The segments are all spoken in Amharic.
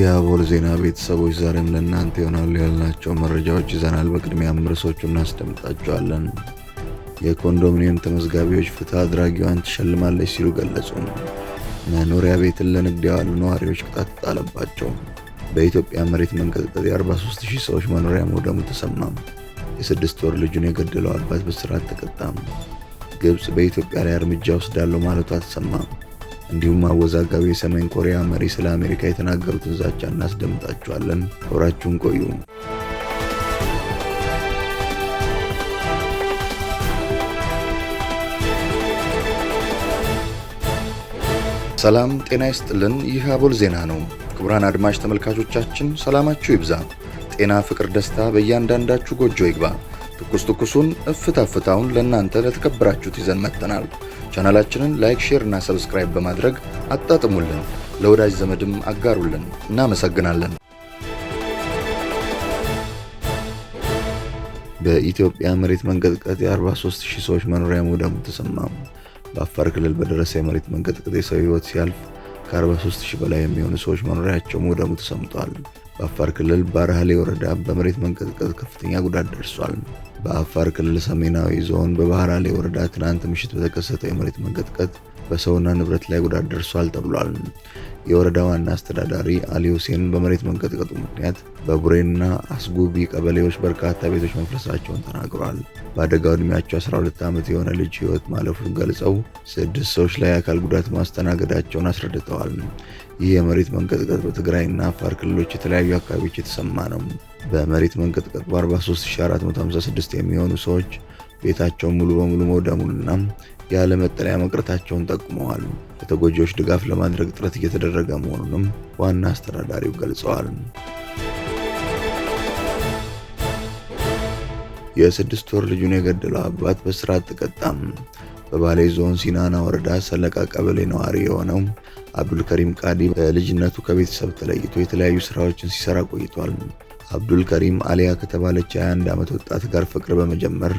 የአቦል ዜና ቤተሰቦች ዛሬም ለእናንተ ይሆናሉ ያልናቸው መረጃዎች ይዘናል። በቅድሚያም ርዕሶቹ እናስደምጣቸዋለን። የኮንዶሚኒየም ተመዝጋቢዎች ፍትህ አድራጊዋን ትሸልማለች ሲሉ ገለጹ። መኖሪያ ቤትን ለንግድ ያዋሉ ነዋሪዎች ቅጣት ተጣለባቸው። በኢትዮጵያ መሬት መንቀጥቀጥ የ43 ሺህ ሰዎች መኖሪያ መውደሙ ተሰማም። የስድስት ወር ልጁን የገደለው አባት በስርዓት ተቀጣም። ግብፅ በኢትዮጵያ ላይ እርምጃ ወስዳለሁ ማለቷ ተሰማም። እንዲሁም አወዛጋቢ የሰሜን ኮሪያ መሪ ስለ አሜሪካ የተናገሩትን ዛቻ እናስደምጣችኋለን። አብራችሁን ቆዩ። ሰላም ጤና ይስጥልን። ይህ አቦል ዜና ነው። ክቡራን አድማጭ ተመልካቾቻችን ሰላማችሁ ይብዛ፣ ጤና፣ ፍቅር፣ ደስታ በእያንዳንዳችሁ ጎጆ ይግባ። ትኩስ ትኩሱን እፍታ ፍታውን ለእናንተ ለተከበራችሁት ይዘን መጥተናል። ቻናላችንን ላይክ፣ ሼር እና ሰብስክራይብ በማድረግ አጣጥሙልን፣ ለወዳጅ ዘመድም አጋሩልን። እናመሰግናለን። በኢትዮጵያ መሬት መንቀጥቀጥ የ43 ሺህ ሰዎች መኖሪያ መውደሙ ተሰማ። በአፋር ክልል በደረሰ የመሬት መንቀጥቀጥ የሰው ሕይወት ሲያልፍ ከ43 ሺህ በላይ የሚሆኑ ሰዎች መኖሪያቸው መውደሙ ተሰምቷል። በአፋር ክልል ባርሃሌ ወረዳ በመሬት መንቀጥቀጥ ከፍተኛ ጉዳት ደርሷል። በአፋር ክልል ሰሜናዊ ዞን በባህራሌ ወረዳ ትናንት ምሽት በተከሰተው የመሬት መንቀጥቀጥ በሰውና ንብረት ላይ ጉዳት ደርሷል ተብሏል። የወረዳ ዋና አስተዳዳሪ አሊ ሁሴን በመሬት መንቀጥቀጡ ምክንያት በቡሬና አስጉቢ ቀበሌዎች በርካታ ቤቶች መፍረሳቸውን ተናግረዋል። በአደጋው ዕድሜያቸው 12 ዓመት የሆነ ልጅ ሕይወት ማለፉን ገልጸው ስድስት ሰዎች ላይ አካል ጉዳት ማስተናገዳቸውን አስረድተዋል። ይህ የመሬት መንቀጥቀጥ በትግራይና አፋር ክልሎች የተለያዩ አካባቢዎች የተሰማ ነው። በመሬት በ 43456 የሚሆኑ ሰዎች ቤታቸውን ሙሉ በሙሉ መውደሙንና ያለ መጠለያ መቅረታቸውን ጠቁመዋል። ለተጎጂዎች ድጋፍ ለማድረግ ጥረት እየተደረገ መሆኑንም ዋና አስተዳዳሪው ገልጸዋል። የስድስት ወር ልጁን የገደለው አባት በእስራት ተቀጣም። በባሌ ዞን ሲናና ወረዳ ሰለቃ ቀበሌ ነዋሪ የሆነው አብዱልከሪም ቃዲ በልጅነቱ ከቤተሰብ ተለይቶ የተለያዩ ስራዎችን ሲሰራ ቆይቷል። አብዱልከሪም አሊያ ከተባለች የ21 ዓመት ወጣት ጋር ፍቅር በመጀመር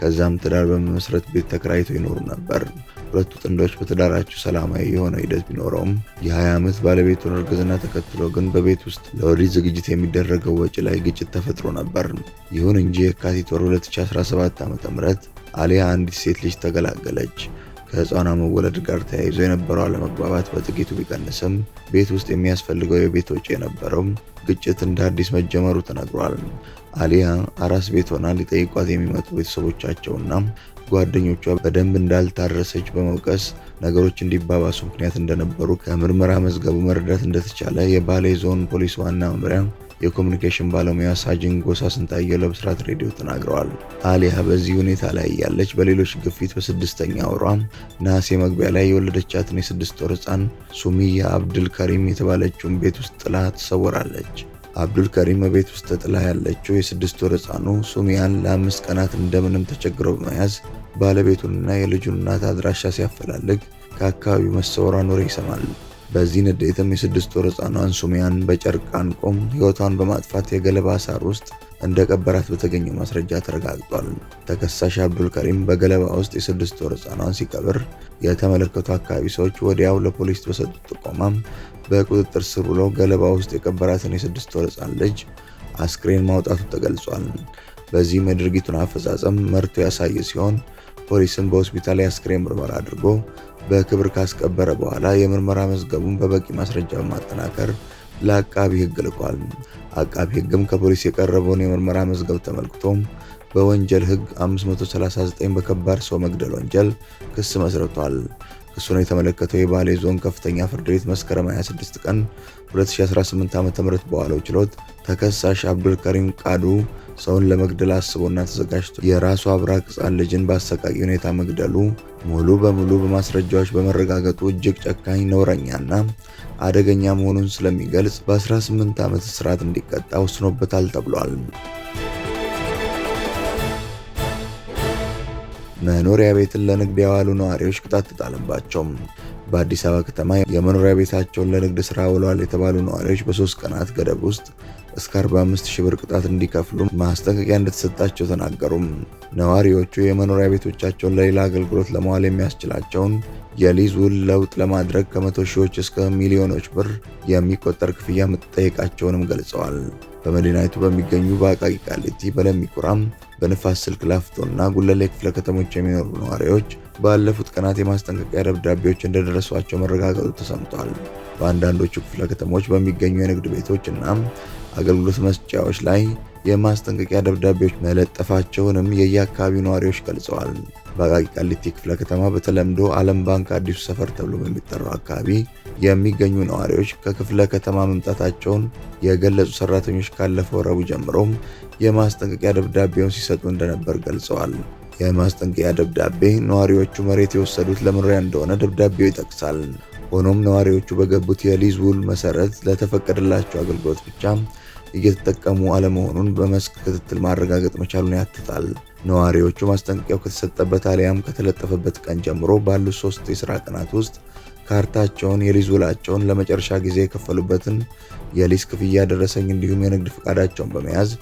ከዛም ትዳር በመመስረት ቤት ተከራይቶ ይኖሩ ነበር። ሁለቱ ጥንዶች በትዳራቸው ሰላማዊ የሆነ ሂደት ቢኖረውም የ20 ዓመት ባለቤቱን እርግዝና ተከትሎ ግን በቤት ውስጥ ለወሊድ ዝግጅት የሚደረገው ወጪ ላይ ግጭት ተፈጥሮ ነበር። ይሁን እንጂ የካቲት ወር 2017 ዓ.ም አሊያ አንዲት ሴት ልጅ ተገላገለች። ከህፃኗ መወለድ ጋር ተያይዞ የነበረው አለመግባባት በጥቂቱ ቢቀንስም ቤት ውስጥ የሚያስፈልገው የቤት ወጪ የነበረው ግጭት እንደ አዲስ መጀመሩ ተነግሯል። አሊያ አራስ ቤት ሆና ሊጠይቋት የሚመጡ ቤተሰቦቻቸውና ጓደኞቿ በደንብ እንዳልታረሰች በመውቀስ ነገሮች እንዲባባሱ ምክንያት እንደነበሩ ከምርመራ መዝገቡ መረዳት እንደተቻለ የባሌ ዞን ፖሊስ ዋና መምሪያ የኮሚኒኬሽን ባለሙያ ሳጅን ጎሳ ስንታየው ለብስራት ሬዲዮ ተናግረዋል። አሊያ በዚህ ሁኔታ ላይ ያለች በሌሎች ግፊት በስድስተኛ ወሯ ነሐሴ መግቢያ ላይ የወለደቻትን የስድስት ወር ህፃን ሱሚያ አብዱል ከሪም የተባለችውን ቤት ውስጥ ጥላ ትሰወራለች። አብዱል ከሪም ቤት ውስጥ ጥላ ያለችው የስድስት ወር ህፃኑ ሱሚያን ለአምስት ቀናት እንደምንም ተቸግረው በመያዝ ባለቤቱንና የልጁን እናት አድራሻ ሲያፈላልግ ከአካባቢው መሰወሯን ወሬ ይሰማል። በዚህ ንዴትም የስድስት ወር ሕፃኗን ሱሜያን በጨርቅ አንቆም ሕይወቷን በማጥፋት የገለባ ሳር ውስጥ እንደ ቀበራት በተገኘው ማስረጃ ተረጋግጧል። ተከሳሽ አብዱልከሪም በገለባ ውስጥ የስድስት ወር ሕፃኗን ሲቀብር የተመለከቱ አካባቢ ሰዎች ወዲያው ለፖሊስ በሰጡት ጥቆማም በቁጥጥር ስር ውሎ ገለባ ውስጥ የቀበራትን የስድስት ወር ሕፃን ልጅ አስክሬን ማውጣቱ ተገልጿል። በዚህም የድርጊቱን አፈጻጸም መርቶ ያሳየ ሲሆን ፖሊስም በሆስፒታል የአስክሬን ምርመራ አድርጎ በክብር ካስቀበረ በኋላ የምርመራ መዝገቡን በበቂ ማስረጃ በማጠናከር ለአቃቢ ህግ ልኳል። አቃቢ ህግም ከፖሊስ የቀረበውን የምርመራ መዝገብ ተመልክቶ በወንጀል ህግ 539 በከባድ ሰው መግደል ወንጀል ክስ መስርቷል። ክሱን የተመለከተው የባሌ ዞን ከፍተኛ ፍርድ ቤት መስከረም 26 ቀን 2018 ዓ.ም በዋለው ችሎት ተከሳሽ አብዱልከሪም ቃዱ ሰውን ለመግደል አስቦና ተዘጋጅቶ የራሱ አብራክ ህፃን ልጅን በአሰቃቂ ሁኔታ መግደሉ ሙሉ በሙሉ በማስረጃዎች በመረጋገጡ እጅግ ጨካኝ ነውረኛና አደገኛ መሆኑን ስለሚገልጽ በ18 ዓመት እስራት እንዲቀጣ ወስኖበታል ተብሏል። መኖሪያ ቤትን ለንግድ ያዋሉ ነዋሪዎች ቅጣት ተጣለባቸውም። በአዲስ አበባ ከተማ የመኖሪያ ቤታቸውን ለንግድ ስራ ውለዋል የተባሉ ነዋሪዎች በሶስት ቀናት ገደብ ውስጥ እስከ 45 ሺህ ብር ቅጣት እንዲከፍሉ ማስጠንቀቂያ እንደተሰጣቸው ተናገሩም። ነዋሪዎቹ የመኖሪያ ቤቶቻቸውን ለሌላ አገልግሎት ለመዋል የሚያስችላቸውን የሊዝ ውል ለውጥ ለማድረግ ከመቶ ሺዎች እስከ ሚሊዮኖች ብር የሚቆጠር ክፍያ መጠየቃቸውንም ገልጸዋል። በመዲናይቱ በሚገኙ በአቃቂ ቃሊቲ፣ በለሚኩራም፣ በንፋስ ስልክ ላፍቶና ጉለሌ ክፍለ ከተሞች የሚኖሩ ነዋሪዎች ባለፉት ቀናት የማስጠንቀቂያ ደብዳቤዎች እንደደረሷቸው መረጋገጡ ተሰምቷል። በአንዳንዶቹ ክፍለ ከተሞች በሚገኙ የንግድ ቤቶች እና አገልግሎት መስጫዎች ላይ የማስጠንቀቂያ ደብዳቤዎች መለጠፋቸውንም የየአካባቢው ነዋሪዎች ገልጸዋል። በአቃቂ ቃሊቲ ክፍለ ከተማ በተለምዶ ዓለም ባንክ አዲሱ ሰፈር ተብሎ በሚጠራው አካባቢ የሚገኙ ነዋሪዎች ከክፍለ ከተማ መምጣታቸውን የገለጹ ሰራተኞች ካለፈው ረቡዕ ጀምሮም የማስጠንቀቂያ ደብዳቤውን ሲሰጡ እንደነበር ገልጸዋል። የማስጠንቀቂያ ደብዳቤ ነዋሪዎቹ መሬት የወሰዱት ለመኖሪያ እንደሆነ ደብዳቤው ይጠቅሳል። ሆኖም ነዋሪዎቹ በገቡት የሊዝ ውል መሰረት ለተፈቀደላቸው አገልግሎት ብቻ እየተጠቀሙ አለመሆኑን በመስክ ክትትል ማረጋገጥ መቻሉን ያትታል። ነዋሪዎቹ ማስጠንቀቂያው ከተሰጠበት አሊያም ከተለጠፈበት ቀን ጀምሮ ባሉት ሶስት የስራ ቀናት ውስጥ ካርታቸውን፣ የሊዝ ውላቸውን፣ ለመጨረሻ ጊዜ የከፈሉበትን የሊዝ ክፍያ ደረሰኝ እንዲሁም የንግድ ፈቃዳቸውን በመያዝ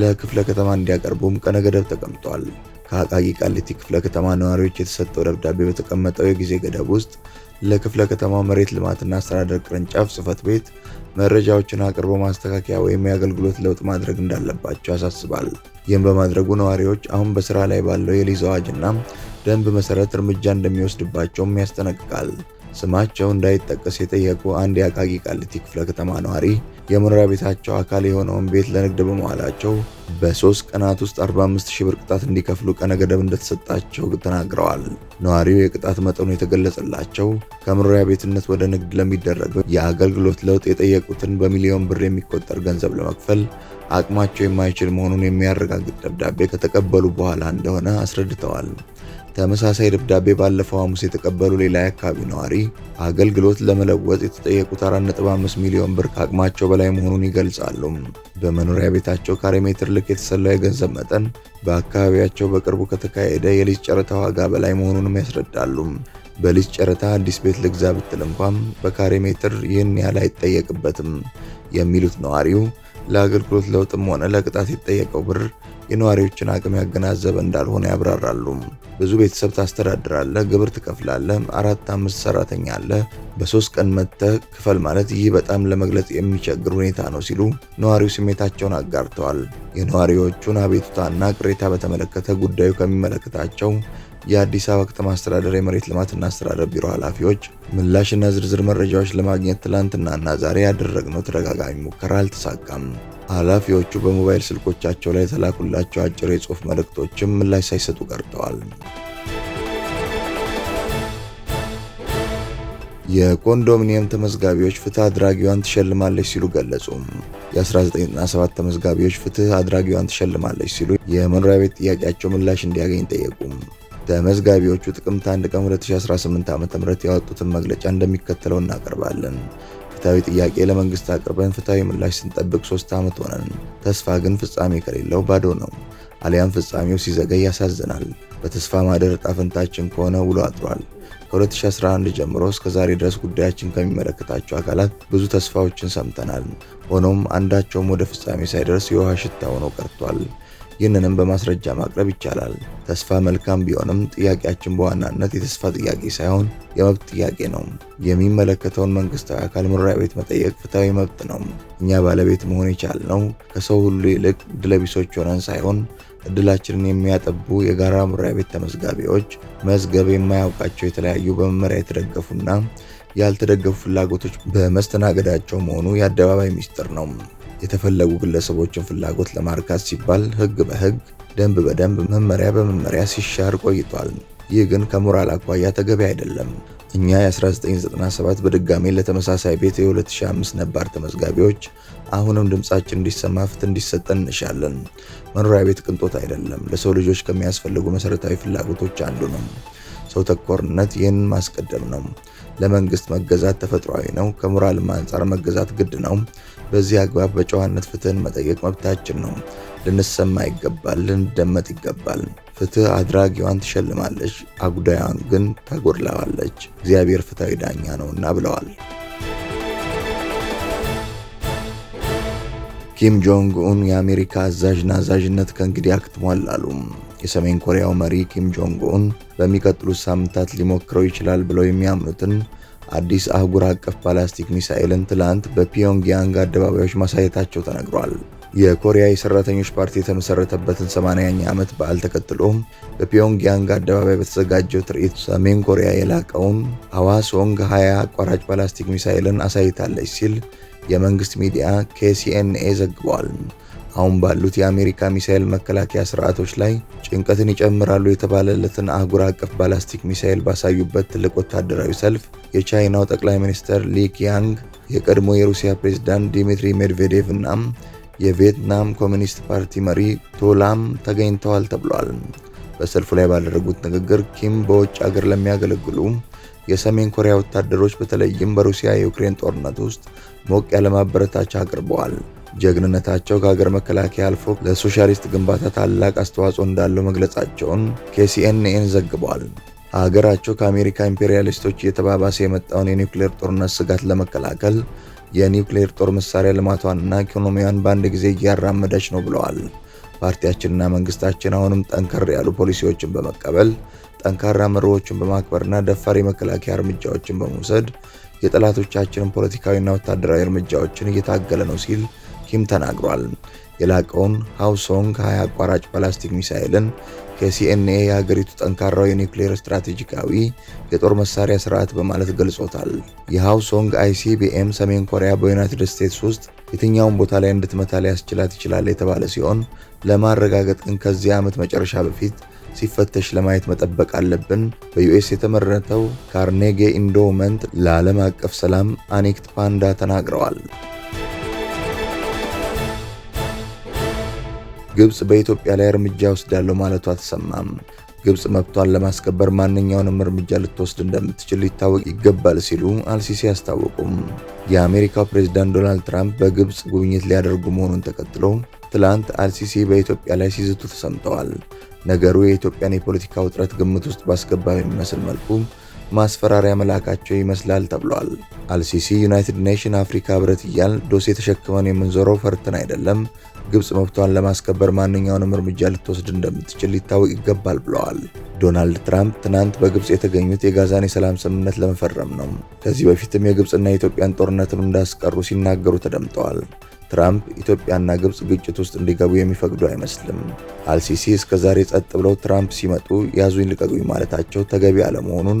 ለክፍለ ከተማ እንዲያቀርቡም ቀነ ገደብ ተቀምጧል። ከአቃቂ ቃሊቲ ክፍለ ከተማ ነዋሪዎች የተሰጠው ደብዳቤ በተቀመጠው የጊዜ ገደብ ውስጥ ለክፍለ ከተማ መሬት ልማትና አስተዳደር ቅርንጫፍ ጽህፈት ቤት መረጃዎችን አቅርቦ ማስተካከያ ወይም የአገልግሎት ለውጥ ማድረግ እንዳለባቸው ያሳስባል። ይህም በማድረጉ ነዋሪዎች አሁን በስራ ላይ ባለው የሊዝ አዋጅና ደንብ መሰረት እርምጃ እንደሚወስድባቸውም ያስጠነቅቃል። ስማቸው እንዳይጠቀስ የጠየቁ አንድ የአቃቂ ቃሊቲ ክፍለ ከተማ ነዋሪ የመኖሪያ ቤታቸው አካል የሆነውን ቤት ለንግድ በመዋላቸው በሶስት ቀናት ውስጥ 45 ሺህ ብር ቅጣት እንዲከፍሉ ቀነ ገደብ እንደተሰጣቸው ተናግረዋል። ነዋሪው የቅጣት መጠኑ የተገለጸላቸው ከመኖሪያ ቤትነት ወደ ንግድ ለሚደረገው የአገልግሎት ለውጥ የጠየቁትን በሚሊዮን ብር የሚቆጠር ገንዘብ ለመክፈል አቅማቸው የማይችል መሆኑን የሚያረጋግጥ ደብዳቤ ከተቀበሉ በኋላ እንደሆነ አስረድተዋል። ተመሳሳይ ደብዳቤ ባለፈው ሐሙስ የተቀበሉ ሌላ የአካባቢው ነዋሪ አገልግሎት ለመለወጥ የተጠየቁት 4.5 ሚሊዮን ብር ከአቅማቸው በላይ መሆኑን ይገልጻሉ። በመኖሪያ ቤታቸው ካሬ ሜትር ልክ የተሰላ የገንዘብ መጠን በአካባቢያቸው በቅርቡ ከተካሄደ የሊዝ ጨረታ ዋጋ በላይ መሆኑንም ያስረዳሉ። በሊዝ ጨረታ አዲስ ቤት ልግዛ ብትል እንኳም በካሬ ሜትር ይህን ያህል አይጠየቅበትም የሚሉት ነዋሪው ለአገልግሎት ለውጥም ሆነ ለቅጣት የተጠየቀው ብር የነዋሪዎችን አቅም ያገናዘበ እንዳልሆነ ያብራራሉ። ብዙ ቤተሰብ ታስተዳድራለህ፣ ግብር ትከፍላለህ፣ አራት አምስት ሰራተኛ አለ፣ በሶስት ቀን መጥተህ ክፈል ማለት ይህ በጣም ለመግለጽ የሚቸግር ሁኔታ ነው ሲሉ ነዋሪው ስሜታቸውን አጋርተዋል። የነዋሪዎቹን አቤቱታና ቅሬታ በተመለከተ ጉዳዩ ከሚመለከታቸው የአዲስ አበባ ከተማ አስተዳደር የመሬት ልማትና አስተዳደር ቢሮ ኃላፊዎች ምላሽና ዝርዝር መረጃዎች ለማግኘት ትላንትናና ዛሬ ያደረግነው ተደጋጋሚ ሙከራ አልተሳካም። ኃላፊዎቹ በሞባይል ስልኮቻቸው ላይ የተላኩላቸው አጭር የጽሑፍ መልእክቶችም ምላሽ ሳይሰጡ ቀርተዋል። የኮንዶሚኒየም ተመዝጋቢዎች ፍትህ አድራጊዋን ትሸልማለች ሲሉ ገለጹ። የ1997 ተመዝጋቢዎች ፍትህ አድራጊዋን ትሸልማለች ሲሉ የመኖሪያ ቤት ጥያቄያቸው ምላሽ እንዲያገኝ ጠየቁም። ተመዝጋቢዎቹ ጥቅምት 1 ቀን 2018 ዓ.ም ያወጡትን መግለጫ እንደሚከተለው እናቀርባለን። ፍትሐዊ ጥያቄ ለመንግስት አቅርበን ፍትሐዊ ምላሽ ስንጠብቅ ሶስት ዓመት ሆነን። ተስፋ ግን ፍጻሜ ከሌለው ባዶ ነው፣ አሊያም ፍጻሜው ሲዘገይ ያሳዝናል። በተስፋ ማደር እጣ ፈንታችን ከሆነ ውሎ አጥሯል። ከ2011 ጀምሮ እስከ ዛሬ ድረስ ጉዳያችን ከሚመለከታቸው አካላት ብዙ ተስፋዎችን ሰምተናል። ሆኖም አንዳቸውም ወደ ፍጻሜ ሳይደርስ የውሃ ሽታ ሆኖ ቀርቷል። ይህንንም በማስረጃ ማቅረብ ይቻላል። ተስፋ መልካም ቢሆንም ጥያቄያችን በዋናነት የተስፋ ጥያቄ ሳይሆን የመብት ጥያቄ ነው። የሚመለከተውን መንግስታዊ አካል መኖሪያ ቤት መጠየቅ ፍትሐዊ መብት ነው። እኛ ባለቤት መሆን የቻልነው ከሰው ሁሉ ይልቅ ድለቢሶች ሆነን ሳይሆን እድላችንን የሚያጠቡ የጋራ መኖሪያ ቤት ተመዝጋቢዎች መዝገብ የማያውቃቸው የተለያዩ በመመሪያ የተደገፉና ያልተደገፉ ፍላጎቶች በመስተናገዳቸው መሆኑ የአደባባይ ሚስጥር ነው። የተፈለጉ ግለሰቦችን ፍላጎት ለማርካት ሲባል ህግ በህግ ደንብ በደንብ መመሪያ በመመሪያ ሲሻር ቆይቷል። ይህ ግን ከሞራል አኳያ ተገቢ አይደለም። እኛ የ1997 በድጋሜ ለተመሳሳይ ቤት የ2005 ነባር ተመዝጋቢዎች አሁንም ድምፃችን እንዲሰማ ፍትህ እንዲሰጠን እንሻለን። መኖሪያ ቤት ቅንጦት አይደለም፣ ለሰው ልጆች ከሚያስፈልጉ መሰረታዊ ፍላጎቶች አንዱ ነው። ሰው ተኮርነት ይህንን ማስቀደም ነው። ለመንግስት መገዛት ተፈጥሯዊ ነው። ከሞራልም አንጻር መገዛት ግድ ነው። በዚህ አግባብ በጨዋነት ፍትህን መጠየቅ መብታችን ነው። ልንሰማ ይገባል፣ ልንደመጥ ይገባል። ፍትህ አድራጊዋን ትሸልማለች፣ አጉዳዩን ግን ታጎድላዋለች። እግዚአብሔር ፍትሐዊ ዳኛ ነውና ብለዋል። ኪም ጆንግ ኡን የአሜሪካ አዛዥ ናዛዥነት ከእንግዲህ አክትሟል አሉ። የሰሜን ኮሪያው መሪ ኪም ጆንግ ኡን በሚቀጥሉት ሳምንታት ሊሞክረው ይችላል ብለው የሚያምኑትን አዲስ አህጉር አቀፍ ባላስቲክ ሚሳኤልን ትላንት በፒዮንግያንግ አደባባዮች ማሳየታቸው ተነግሯል። የኮሪያ የሰራተኞች ፓርቲ የተመሰረተበትን 80ኛ ዓመት በዓል ተከትሎም በፒዮንግያንግ አደባባይ በተዘጋጀው ትርኢት ሰሜን ኮሪያ የላቀውን አዋሶንግ 20 አቋራጭ ባላስቲክ ሚሳኤልን አሳይታለች ሲል የመንግስት ሚዲያ ኬሲኤንኤ ዘግቧል። አሁን ባሉት የአሜሪካ ሚሳኤል መከላከያ ስርዓቶች ላይ ጭንቀትን ይጨምራሉ የተባለለትን አህጉር አቀፍ ባላስቲክ ሚሳኤል ባሳዩበት ትልቅ ወታደራዊ ሰልፍ የቻይናው ጠቅላይ ሚኒስትር ሊ ኪያንግ፣ የቀድሞ የሩሲያ ፕሬዝዳንት ዲሚትሪ ሜድቬዴቭ እናም የቪየትናም ኮሚኒስት ፓርቲ መሪ ቶላም ተገኝተዋል ተብሏል። በሰልፉ ላይ ባደረጉት ንግግር ኪም በውጭ አገር ለሚያገለግሉ የሰሜን ኮሪያ ወታደሮች በተለይም በሩሲያ የዩክሬን ጦርነት ውስጥ ሞቅ ያለ ማበረታቻ አቅርበዋል። ጀግንነታቸው ከሀገር መከላከያ አልፎ ለሶሻሊስት ግንባታ ታላቅ አስተዋጽኦ እንዳለው መግለጻቸውን ከሲኤንኤን ዘግቧል። ሀገራቸው ከአሜሪካ ኢምፔሪያሊስቶች እየተባባሰ የመጣውን የኒውክሌር ጦርነት ስጋት ለመከላከል የኒውክሌር ጦር መሳሪያ ልማቷንና ኢኮኖሚዋን በአንድ ጊዜ እያራመደች ነው ብለዋል። ፓርቲያችንና መንግስታችን አሁንም ጠንከር ያሉ ፖሊሲዎችን በመቀበል ጠንካራ መርሆዎችን በማክበርና ደፋር የመከላከያ እርምጃዎችን በመውሰድ የጠላቶቻችንን ፖለቲካዊና ወታደራዊ እርምጃዎችን እየታገለ ነው ሲል ኪም ተናግሯል። የላቀውን ሃውሶንግ 20 አቋራጭ ፕላስቲክ ሚሳይልን ከሲኤንኤ የሀገሪቱ ጠንካራው የኒውክሌር ስትራቴጂካዊ የጦር መሳሪያ ስርዓት በማለት ገልጾታል። የሃውሶንግ አይሲቢኤም ሰሜን ኮሪያ በዩናይትድ ስቴትስ ውስጥ የትኛውን ቦታ ላይ እንድትመታ ሊያስችላት ይችላል የተባለ ሲሆን ለማረጋገጥ ግን ከዚህ ዓመት መጨረሻ በፊት ሲፈተሽ ለማየት መጠበቅ አለብን። በዩኤስ የተመረተው ካርኔጌ ኢንዶመንት ለዓለም አቀፍ ሰላም አኒክት ፓንዳ ተናግረዋል። ግብጽ በኢትዮጵያ ላይ እርምጃ ወስዳለሁ ማለቱ አልተሰማም። ግብጽ መብቷን ለማስከበር ማንኛውንም እርምጃ ልትወስድ እንደምትችል ሊታወቅ ይገባል ሲሉ አልሲሲ አስታወቁም። የአሜሪካው ፕሬዝዳንት ዶናልድ ትራምፕ በግብጽ ጉብኝት ሊያደርጉ መሆኑን ተከትሎ ትላንት አልሲሲ በኢትዮጵያ ላይ ሲዝቱ ተሰምተዋል። ነገሩ የኢትዮጵያን የፖለቲካ ውጥረት ግምት ውስጥ ባስገባ በሚመስል መልኩ ማስፈራሪያ መላካቸው ይመስላል ተብሏል። አልሲሲ ዩናይትድ ኔሽን አፍሪካ ህብረት እያል ዶሴ ተሸክመን የምንዞረው ፈርትን አይደለም፣ ግብፅ መብቷን ለማስከበር ማንኛውንም እርምጃ ልትወስድ እንደምትችል ሊታወቅ ይገባል ብለዋል። ዶናልድ ትራምፕ ትናንት በግብፅ የተገኙት የጋዛን የሰላም ስምምነት ለመፈረም ነው። ከዚህ በፊትም የግብፅና የኢትዮጵያን ጦርነትም እንዳስቀሩ ሲናገሩ ተደምጠዋል። ትራምፕ ኢትዮጵያና ግብፅ ግጭት ውስጥ እንዲገቡ የሚፈቅዱ አይመስልም። አልሲሲ እስከ ዛሬ ጸጥ ብለው ትራምፕ ሲመጡ ያዙኝ ልቀቁኝ ማለታቸው ተገቢ አለመሆኑን